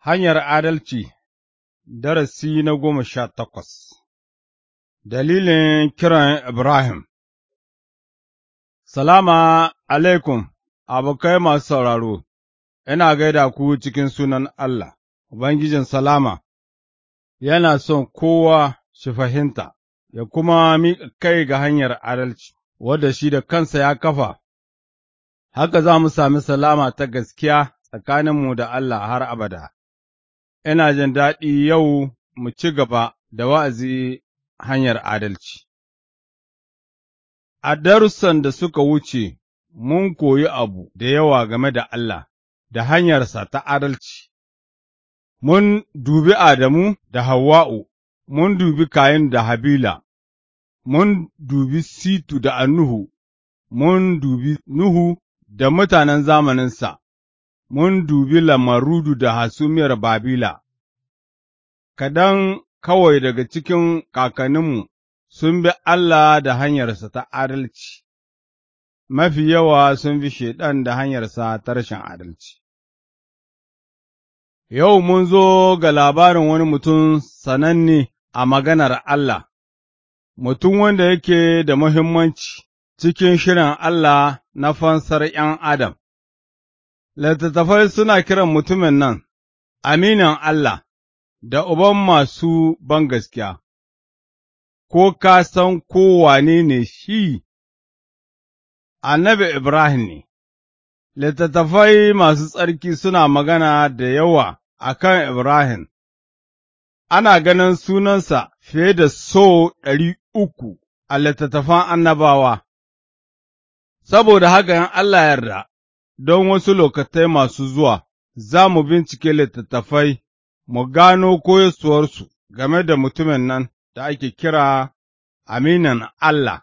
Hanyar Adalci Darasi na goma sha takwas Dalilin kiran Ibrahim Salama alaikum, abokai masu sauraro, ina gaida ku cikin sunan Allah, Ubangijin Salama, yana son kowa shi fahimta, ya kuma miƙa kai ga hanyar adalci, wadda shi da kansa ya kafa, haka za mu sami salama ta gaskiya tsakaninmu da Allah har abada. ina jin daɗi yau mu ci gaba da wa'azi hanyar adalci. A darussan da suka wuce, mun koyi abu da yawa game da Allah da hanyarsa ta adalci, mun dubi Adamu da Hawwa'u, mun dubi Kayan da Habila, mun dubi Situ da Anuhu, mun dubi Nuhu da mutanen zamaninsa, mun dubi lamarudu da hasumiyar Babila, kaɗan kawai daga cikin kakanninmu sun bi Allah da hanyarsa ta adalci, mafi yawa sun bi Shaiɗan da hanyarsa ta rashin adalci. Yau mun zo ga labarin wani mutum sananne a maganar Allah, mutum wanda yake da muhimmanci cikin shirin Allah na fansar ’yan Adam. littattafai suna kiran mutumin nan, aminin Allah, da uban masu bangaskiya, ko ka san kowane ne shi, annabi Ibrahim ne, littattafai masu tsarki suna magana da yawa a kan Ibrahim, ana ganin sunansa fiye da so ɗari uku a littattafan annabawa, saboda haka Allah yarda. don wasu lokatai masu zuwa, za mu bincike littattafai, mu gano koyasuwarsu game da mutumin nan da ake kira Aminan Allah.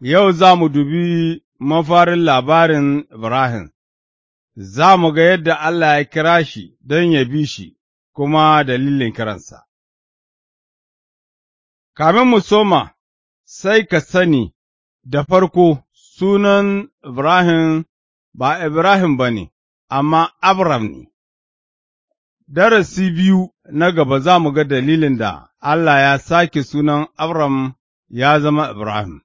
Yau za mu dubi mafarin labarin Ibrahim, za mu ga yadda Allah ya kira shi don ya bi shi kuma dalilin kiransa. Kamin mu soma, sai ka sani da farko sunan Ibrahim ba Ibrahim ba ne, amma Abram ne. Darasi biyu na gaba za mu ga dalilin da Allah ya sake sunan Abram ya zama Ibrahim.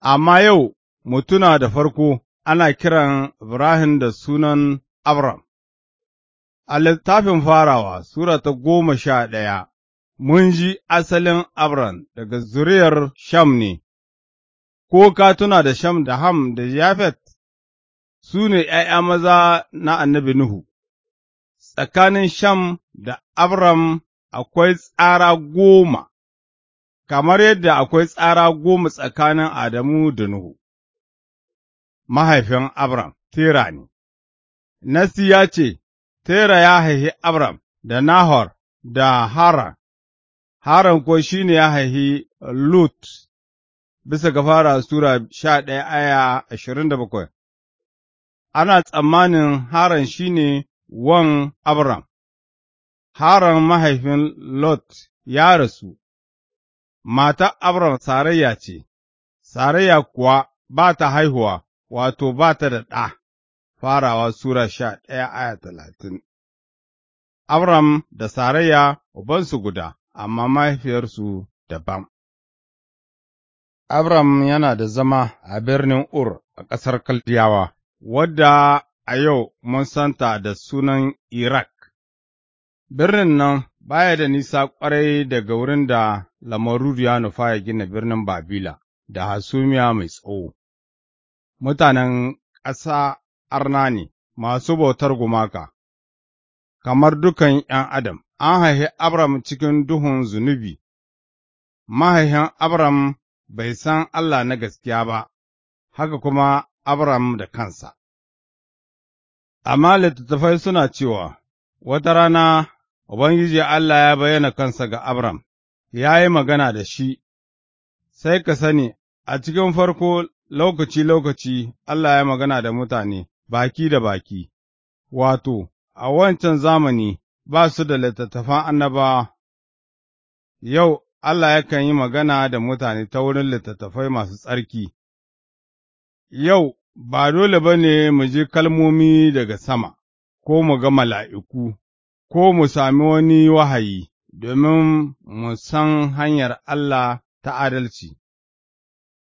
Amma yau mutuna da farko ana kiran Ibrahim da sunan Abram. A littafin farawa, Sura ta goma sha ɗaya, mun ji asalin Abram daga zuriyar Sham ne, ko ka tuna da Sham da Ham da Jafet, su ne ’ya'ya maza na annabi Nuhu, tsakanin Sham da Abram akwai tsara goma, kamar yadda akwai tsara goma tsakanin Adamu da Nuhu, mahaifin Abram, Tera ne. Nasi ya ce, Tera ya haihi Abram da Nahor da Haran, Haran ko shi ne ya haihi Lut, bisa ga fara Sura sha ɗaya aya ashirin da bakwai. ana tsammanin Haran shi ne wan Abram. Haran mahaifin Lot ya rasu, mata Abram sarayya ce, sarayya kuwa ba ta haihuwa, wato ba ta da ɗa, farawa Sura sha ɗaya aya talatin. Abram da sarayya ubansu guda, amma mahaifiyarsu dabam. Abram yana da zama a birnin Ur a ƙasar Kaldiyawa. wadda a yau mun santa da sunan Iraq. Birnin nan baya da nisa ƙwarai daga wurin da lamaru ya nufa ya gina birnin Babila da hasumiya mai tsawo. Mutanen ƙasa arna ne masu bautar gumaka, kamar dukan ’yan Adam, an haihi Abram cikin duhun zunubi, mahaihin Abram bai san Allah na gaskiya ba, haka kuma Abram da kansa. Amma littattafai suna cewa, Wata rana Ubangiji Allah ya bayyana kansa ga Abram, ya yi magana da shi, sai ka sani, a cikin farko lokaci-lokaci Allah ya magana da mutane baki da baki, wato, a wancan zamani ba su da littattafan annaba yau Allah yakan yi magana da mutane ta wurin littattafai masu tsarki, Yau, ba dole ba ne mu ji kalmomi daga sama, ko mu ga mala'iku, ko mu sami wani wahayi, domin mu san hanyar Allah ta adalci.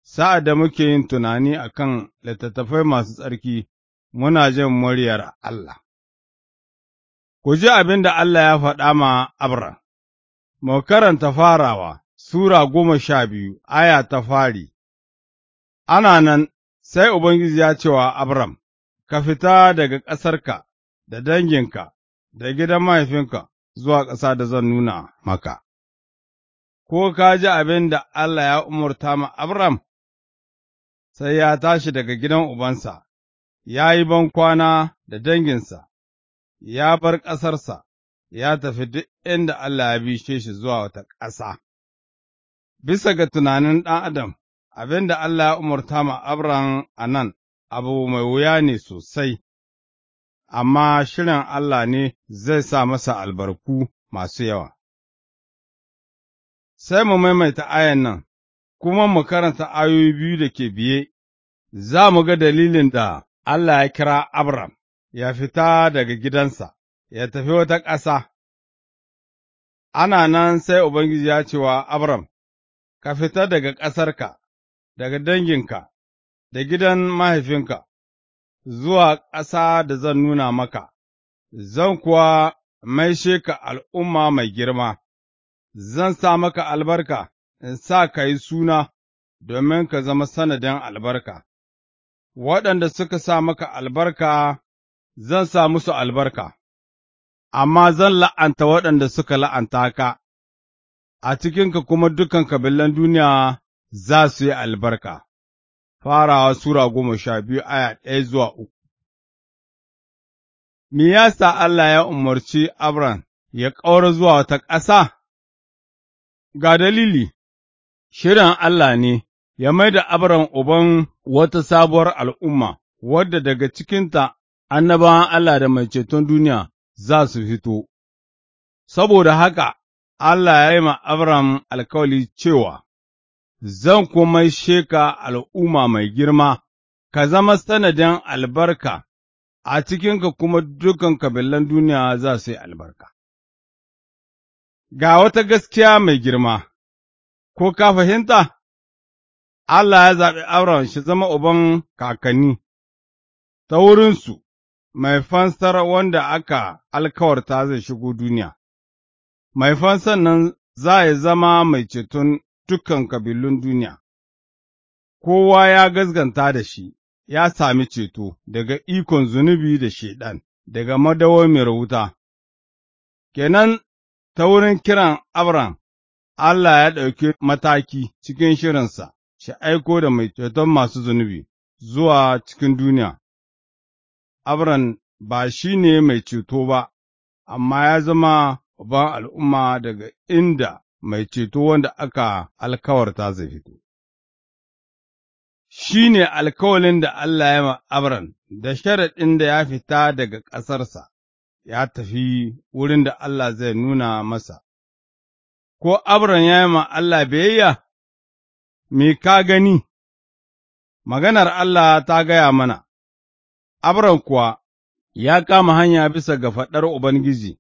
Sa'ad da muke yin tunani a kan littattafai masu tsarki, muna jin muryar Allah. Ku ji abin da Allah ya faɗa ma Abra mu karanta farawa, Sura goma sha biyu, aya ta fari, ana nan sai Ubangiji ya ce wa Abram, Ka fita daga ƙasarka da danginka da gidan mahaifinka zuwa ƙasa da zan nuna maka, ko ka ji abin da Allah ya umarta ma Abram, sai ya tashi daga gidan ubansa, ya yi bankwana da danginsa, ya bar ƙasarsa, ya tafi duk inda Allah ya bishe shi zuwa wata ƙasa. Bisa ga tunanin ɗan Adam, abin da Allah ya umarta ma Abram a nan abu mai wuya ne sosai, amma shirin Allah ne zai sa masa albarku masu yawa. Sai mu maimaita ayan nan, kuma mu karanta ayoyi biyu da ke biye, za mu ga dalilin da Allah ya kira Abram ya fita daga gidansa, ya tafi wata ƙasa. Ana nan sai Ubangiji ya ce wa Abram, Ka fita daga ƙasarka, daga danginka, da gidan mahaifinka, zuwa ƙasa da zan nuna maka, zan kuwa maishe ka al'umma mai girma, zan sa maka albarka in sa ka yi suna domin ka zama sanadin albarka, waɗanda suka sa maka albarka zan sa musu albarka, amma zan la'anta waɗanda suka la'anta ka, a cikinka kuma dukan kabilan duniya za su yi albarka. Farawa Sura goma sha biyu aya ɗaya zuwa uku Me ya sa Allah ya umarci Abram ya ƙaura zuwa wata ƙasa? Ga dalili, shirin Allah ne ya mai da Abram uban wata sabuwar al'umma, wadda daga cikinta annabawan Allah da mai ceton duniya za su fito. Saboda haka, Allah ya yi ma Abram alkawali cewa, zan kuma sheka al'umma mai girma, ka zama sanadin albarka, a cikinka kuma dukan kabilan duniya za su yi albarka. Ga wata gaskiya mai girma, ko ka fahimta? Allah ya zaɓi auren shi zama uban kakanni, ta wurinsu mai fansar wanda aka alkawarta zai shigo duniya, mai fansar nan za ya zama mai ceton dukan kabilun duniya, kowa ya gazganta da shi, ya sami ceto daga ikon zunubi da Shaiɗan, daga madawamiyar wuta. Kenan ta wurin kiran Abram, Allah ya ɗauki mataki cikin shirinsa, shi aiko da mai ceton masu zunubi zuwa cikin duniya. Abram ba shi ne mai ceto ba, amma ya zama ban al'umma daga inda mai ceto wanda aka alkawarta zai fito. Shi ne alkawalin da Allah ya ma Abram da sharaɗin da ya fita daga ƙasarsa, ya tafi wurin da Allah zai nuna masa, ko Abram ya yi ma Allah biyayya, me ka gani, maganar Allah ta gaya mana, Abram kuwa ya kama hanya bisa ga faɗar Ubangiji.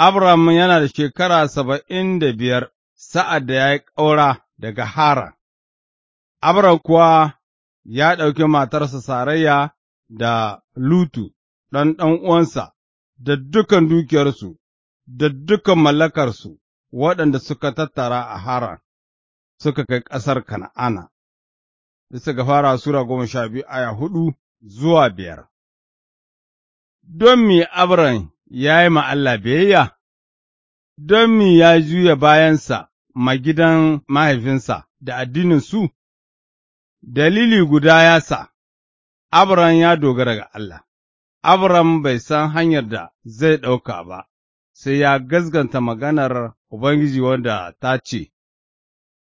Abram yana da shekara saba'in da biyar sa'ad da ya yi ƙaura daga hara Abram kuwa ya ɗauki matarsa Sarayya da Lutu, ɗan uwansa, da dukan dukiyarsu, da dukan mallakarsu, waɗanda suka tattara a hara suka kai ƙasar Kana'ana. Bisa ga fara Sura goma sha biyu aya hudu zuwa biyar. Don me Abram ya yi ma Allah biyayya, don mi ya juya bayansa ma gidan mahaifinsa da addinin su? dalili guda ya sa, Abram ya dogara ga Allah, Abram bai san hanyar da zai ɗauka ba, sai ya gazganta maganar Ubangiji wanda ta ce,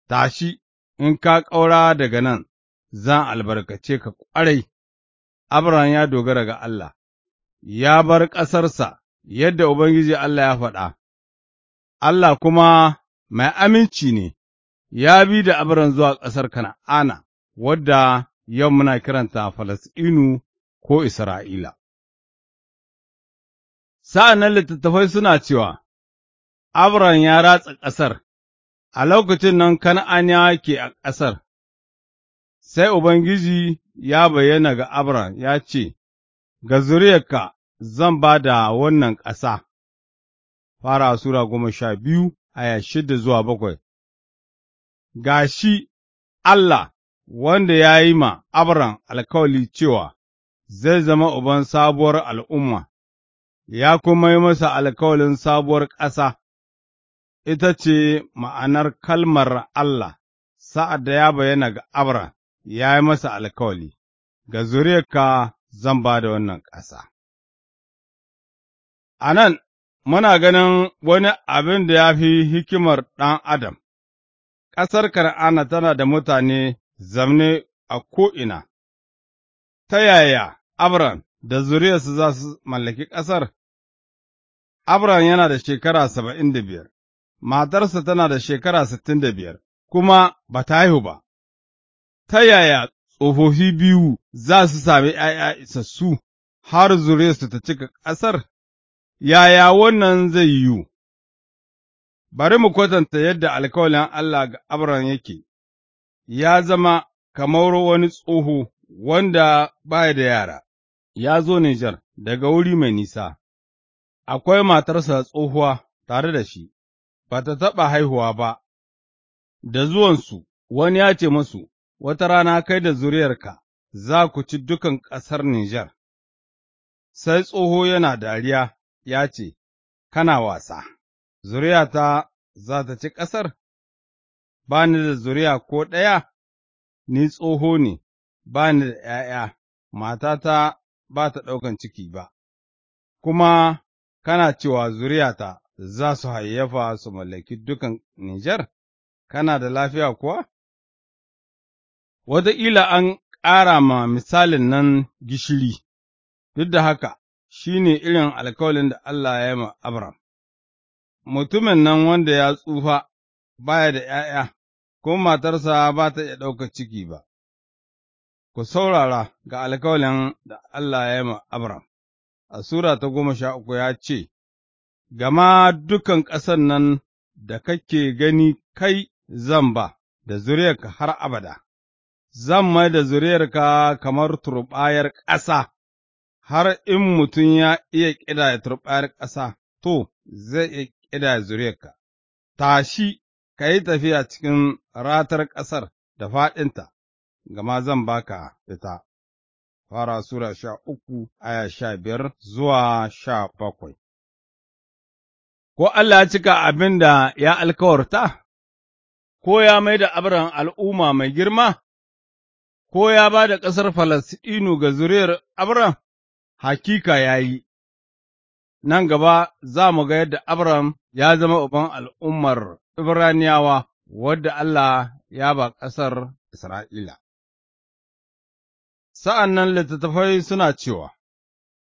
Tashi, in ka ƙaura daga nan, zan albarkace ka ƙwarai, Abram ya dogara ga Allah, ya bar ƙasarsa. yadda Ubangiji Allah ya faɗa, Allah kuma mai aminci ne, ya bi da abiran zuwa ƙasar Kana'ana, wadda yau muna kiranta Falasɗinu ko Isra'ila. Sa'an nan littattafai suna cewa, Abram ya ratsa ƙasar, a lokacin nan Kana'aniya ke a ƙasar, sai Ubangiji ya bayyana ga Abra ya ce, Ga zuriyarka zan ba da wannan ƙasa. Fara Sura goma sha biyu aya shida zuwa bakwai Ga shi Allah wanda ya yi ma Abram alkawali cewa zai zama uban sabuwar al'umma, ya kuma yi masa alkawalin sabuwar ƙasa, ita ce ma'anar kalmar Allah sa'ad da ya bayyana ga Abram ya yi masa alkawali, ga zuriyarka zan ba da wannan ƙasa. A nan, muna ganin wani abin da ya fi hikimar ɗan Adam, ƙasar Kar'ana tana da mutane zamne a ko'ina, ta yaya Abram da zuriyarsu za su mallaki ƙasar? Abram yana da shekara saba'in da biyar, matarsa tana da shekara sittin da biyar, kuma ba ta haihu ba, ta yaya tsofofi biyu za su sami ’ya'ya isassu har zuriyarsu ta cika ƙasar? yaya wannan zai yiwu, bari mu kwatanta yadda alkawalin Allah ga Abram yake, ya zama kamar wani tsoho wanda baya da yara, ya zo Nijar daga wuri mai nisa, akwai matarsa tsohuwa tare da shi, ba ta taɓa haihuwa ba, da zuwansu wani ya ce masu, Wata rana kai da zuriyarka za ku ci dukan ƙasar Nijar, sai tsoho yana dariya ya ce, Kana wasa, zuriyata za ta ci ƙasar? Ba ni da zuriya ko ɗaya, ni tsoho ne, ba ni da ’ya'ya, matata ba ta ɗaukan ciki ba, kuma kana cewa zuriyata za su hayyafa su mallaki dukan Nijar, kana da lafiya kuwa? Wataƙila an ƙara ma misalin nan gishiri, duk da haka, shi ne irin alkawalin da Allah ya yi ma Abram. Mutumin nan wanda ya tsufa baya da ’ya'ya, kuma matarsa ba ta iya ɗaukar ciki ba, ku saurara ga alkawalin da Allah ya yi ma Abram, a Sura ta goma sha uku ya ce, Gama dukan ƙasan nan da kake gani kai zan ba da zuriyarka har abada, zan mai da zuriyarka kamar turɓayar ƙasa har in mutum ya iya ƙidaya turɓayar ƙasa, to, zai iya ƙidaya zuriyarka, tashi, ka yi tafiya cikin ratar ƙasar da faɗinta, gama zan baka ita. Fara Sura sha uku, aya sha biyar zuwa sha bakwai. Ko Allah ya cika abin da ya alkawarta, ko ya mai da Abraham al'umma mai girma, ko ya ba da ƙasar Falasɗinu ga zuriyar Abraham. hakika ya yi, nan gaba za mu ga yadda Abraham ya zama uban al'ummar Ibraniyawa wadda Allah ya ba ƙasar Isra'ila. Sa'an nan littattafai suna cewa,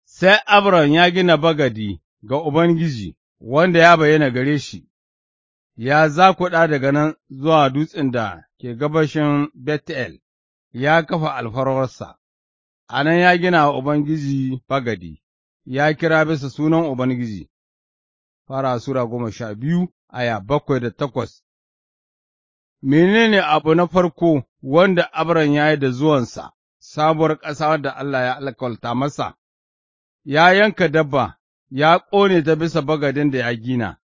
Sai Abraham ya gina bagadi ga Ubangiji wanda ya bayyana gare shi, ya zakuɗa daga nan zuwa dutsen da ke gabashin Betel, ya kafa alfararsa a nan ya gina wa Ubangiji bagadi, ya kira bisa sunan Ubangiji, fara Sura goma sha biyu, aya bakwai da takwas. Menene abu na farko wanda Abram ya yi da zuwansa, sabuwar ƙasa da Allah ya alkalta masa, ya yanka dabba, ya ƙone ta bisa bagadin da ya gina,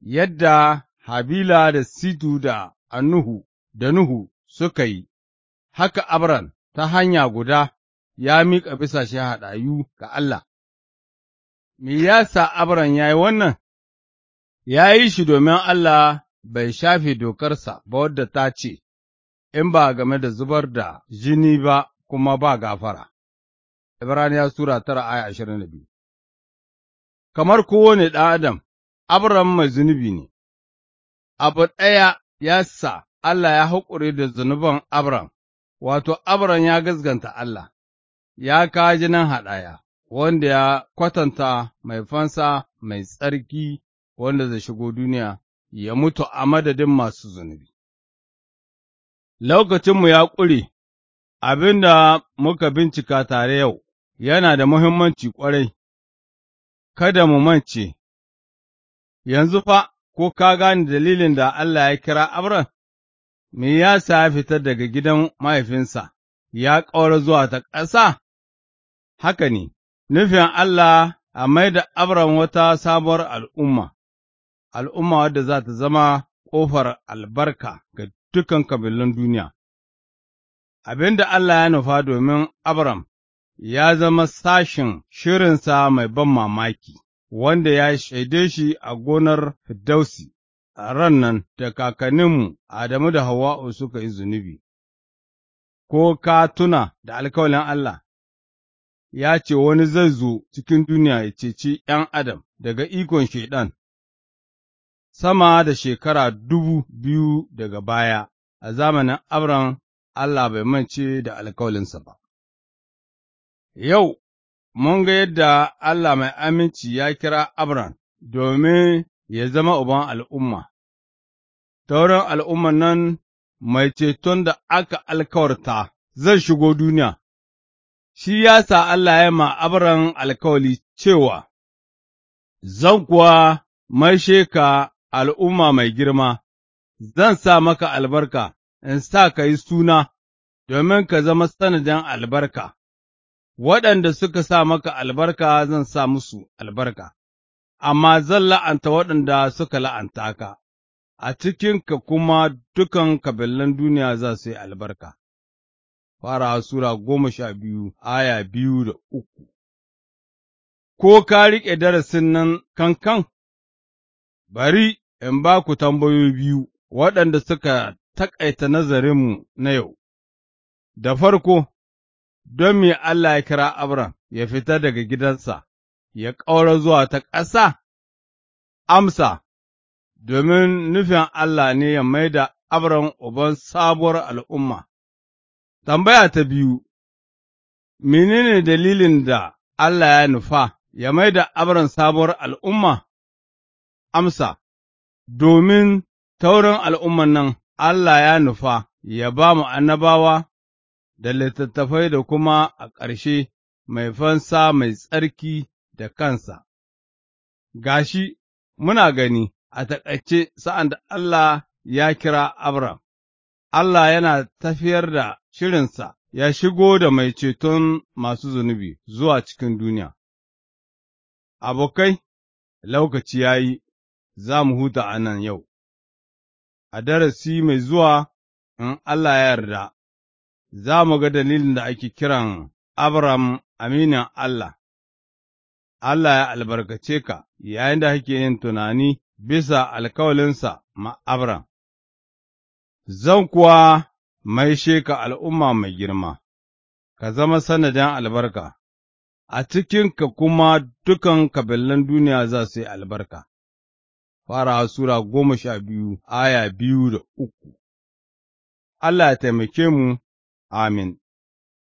yadda Habila da Situ da Anuhu da Nuhu suka yi, haka Abram ta hanya guda ya miƙa bisa shi haɗayu ga Allah. Me ya sa Abram ya yi wannan? Ya yi shi domin Allah bai shafe dokarsa ba wadda ta ce, In ba game da zubar da jini ba kuma ba gafara. Ibraniya Sura tara aya ashirin da biyu Kamar kowane ɗan Adam, Abram mai zunubi ne, abu ɗaya ya sa Allah ya haƙure da zunuban Abram, wato, Abram ya gazganta Allah. ya ka jinin haɗaya, wanda ya kwatanta mai fansa mai tsarki wanda zai shigo duniya, ya mutu a madadin masu zunubi. Lokacinmu ya ƙure, abin da muka bincika tare yau yana da muhimmanci ƙwarai, kada mu mance, yanzu fa ko ka gane dalilin da Allah ya kira Abram, me ya sa ya fitar daga gidan mahaifinsa, ya ƙaura zuwa ta ƙasa? haka ne, nufin Allah a mai da Abram wata sabuwar al'umma, al'umma wadda za ta zama ƙofar albarka ga dukan kabilan duniya. Abin da Allah ya nufa domin Abram ya zama sashin shirinsa mai ban mamaki, wanda ya shaide shi a gonar Firdausi, a ran nan da kakanninmu Adamu da Hawa'u suka yi zunubi. Ko ka tuna da alkawalin Allah, ya ce wani zai zo cikin duniya ya ceci ’yan adam daga ikon Shaiɗan, sama da shekara dubu biyu daga baya, a zamanin Abram Allah bai mance da alkawalinsa ba. Yau, mun ga yadda Allah mai aminci ya kira Abram domin ya zama uban al'umma, taurin al'umman nan mai ceton da aka alkawarta zai shigo duniya. shi ya sa Allah ya ma abaran alkawali cewa, Zan kuwa maishe ka al'umma mai girma, zan sa maka albarka, in sa ka yi suna, domin ka zama sanadin albarka, waɗanda suka sa maka albarka zan sa musu albarka, amma zan la'anta waɗanda suka la'anta ka, a cikinka kuma dukan kabilan duniya za su yi albarka. farawa Sura goma sha biyu, aya biyu da uku. Ko ka riƙe darasin nan kankan, bari in ba ku tambayoyi biyu waɗanda suka taƙaita nazarinmu na yau, da farko, don me Allah ya kira Abram ya fita daga gidansa, ya ƙaura zuwa ta ƙasa? Amsa, domin nufin Allah ne ya maida Abram uban sabuwar al'umma. Tambaya ta biyu Menene dalilin da Allah ya nufa ya mai da Abram sabuwar al'umma? Amsa, domin taurin al'umman nan Allah ya nufa ya ba mu annabawa da littattafai da kuma a ƙarshe mai fansa mai tsarki da kansa. Gashi, muna gani a taƙaice sa'an da Allah ya kira Abram, Allah yana tafiyar da shirinsa ya shigo da mai ceton masu zunubi zuwa cikin duniya. Abokai, lokaci ya yi, za mu huta a nan yau, a darasi mai zuwa in Allah ya yarda, za mu ga dalilin da ake kiran abraham aminin Allah. Allah ya albarkace ka yayin da kake yin tunani bisa alkawalinsa ma Zan kuwa maishe ka al'umma mai girma, ka zama sanadin albarka, a cikinka kuma dukan kabilan duniya za su yi albarka. fara Sura goma sha biyu, aya biyu da uku Allah ya taimake mu, amin.